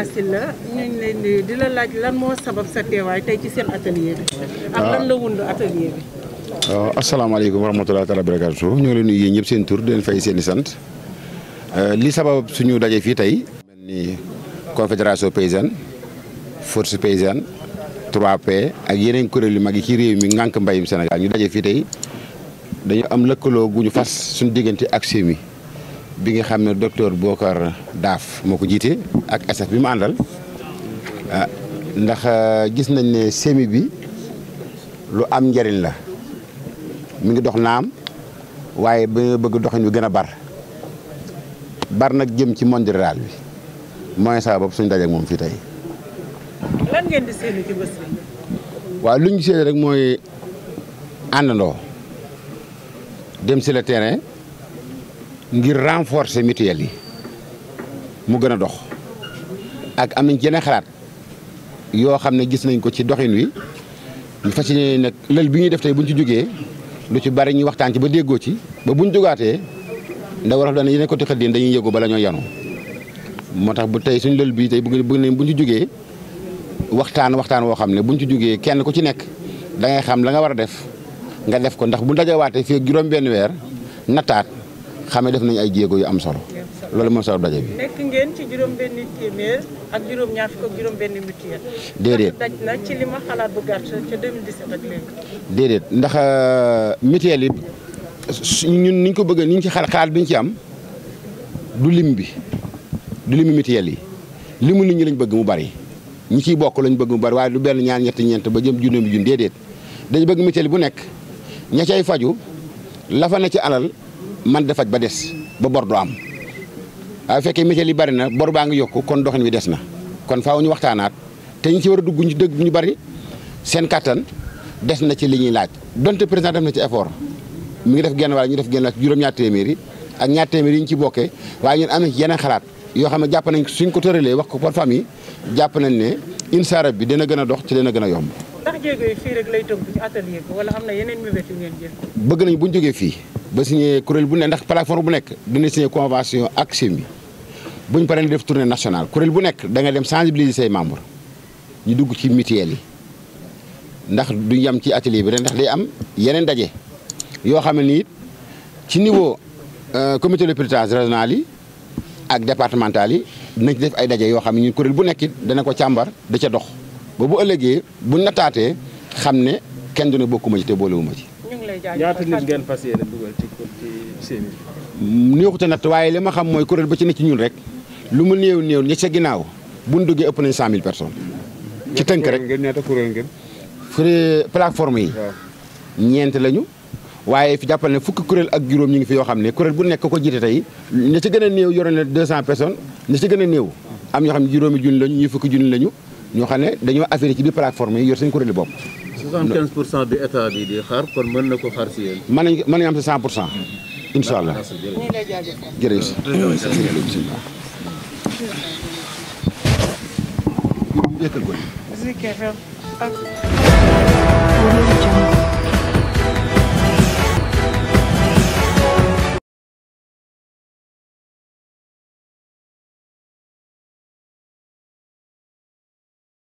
Moustapha Sylla ñu ngi lay nuyu di la laaj lan moo sabab sa teewaay tey ci seen atelier bi. ak lan la wund atelier bi. waaw ah, asalaamaaleykum wa rahmatulah barakaatu ñu ngi leen nuyu yéen ñëpp seen tur leen fay seeni sant eh, li sabab suñu daje fii tey. mel ni confédération paysanne force paysanne 3P ak yeneen kuréel yu mag yi ci réew mi ngànk mbayum Sénégal ñu daje fii tey dañu am lëkkaloo gu ñu fas suñu diggante ak semis. bi nga xam ne docteur Bokar Daaf moo ko jiite ak SF bi mu àndal ah, ndax euh, gis nañ ne semi bi lu am njariñ la mu ngi dox naam waaye ba nga bëgg doxin bi gën a bar bar nag jëm ci monde rural bi mooy saa bopp suñ daje moom fii tey. lan ngeen di séenu waaw lu ñu séenu rek mooy àndandoo dem si le terrain. ngir renforcer mutuelle yi mu gën a dox ak am nañ ci yeneen xalaat yoo xam ne gis nañ ko ci doxin wi ñu fas yéene nag lël bi ñuy def tey bu ñu ci jógee lu ci bari ñu waxtaan ci ba déggoo ci ba bu jógaatee nda war a daan yeneen dañuy yëgu bala ñoo yanu moo tax bu tey suñu lël bi tey bëgg nañ bu ñu ci jógee waxtaan waxtaan woo xam ne bu ñu ci jógee kenn ku ci nekk dangay xam la nga war a def nga def ko ndax bu ndajawaatee fii juróom benn weer nattaat. xamee def nañu ay jéego yu am solo loolu moo sabab daje bi. ndax euh, mutuelle yi ñun niñ ko bëgg niñ ci xalaat biñ ci am du lim bi du limu mutuelle yi limu nit ñi lañ bëgg mu bari ñi ciy bokk lañ bëgg mu bari waaye du benn ñaar ñetti ñeent ba jëm junneem jun déedéet dañu bëgg mutuelle bu nekk ña cay faju la ci alal. man da ba des ba bor du am waaye fekkee métier yi bari na bor baa ngi yokk kon doxin wi des na kon faaw ñu waxtaanaat te ñu ci war a dugg ñu dëgg ñu bari seen kattan des na ci li ñuy laaj donte président def na ci effort mi ngi def genn wàll ñu def genn wàll ci juróom-ñaar ak ñaar yi ñu ci bokke waaye ñun am na ci yeneen xalaat yoo xam ne jàpp nañ suñ ko tëralee wax ko par famille jàpp nañ ne insaarab bi dana gën a dox ci dina gën a yomb. nañ bu jógee fii ba signé kuréel bu ne ndax plateforme bu nekk dina signé convention ak CMU bu paree def tournée nationale kuréel bu nekk da nga dem sensibiliser say membres ñu dugg ci mutuelle yi ndax du yam ci atelier bi ren ndax day am yeneen daje yoo xam ne nii ci niveau euh, comité de pilotage régional yi ak départemental yi dinañ ci def ay daje yoo xam ne ñun kuréel bu nekk dana ko càmbar da ca dox ba bu ëllëgee bu nataatee xam ne kenn du ne bokkuma ci te boolewuma ci. ñaata nit ngeen fas yéene dugal ci ci seen i. waaye li ma xam mooy kuréel ba ci ne ci ñun rek lu mu néew néew ñi ca ginnaaw bu ñu duggee ëpp nañ cent mille personnes. ci tënk rek ñaata kuréel ngeen free plateforme yi. ñeent lañu. waaye fi jàppal ne fukki kuréel ak juróom ñu ngi fi yoo xam ne kuréel bu nekk ko jiite tey ña ci gën a néew yore na 200 personnes ña ci gën a néew am ñoo xam ne juróomi junni lañu ñuy fukki junni lañu ñoo xam ne dañoo affaire ci biir plateforme yi yor seen kuréel bopp 15% بإتاه بيدي خار كون منكو خارسيين ماني ماني أمسي 100% إن شاء الله جريس ياكل قول زي كيف يا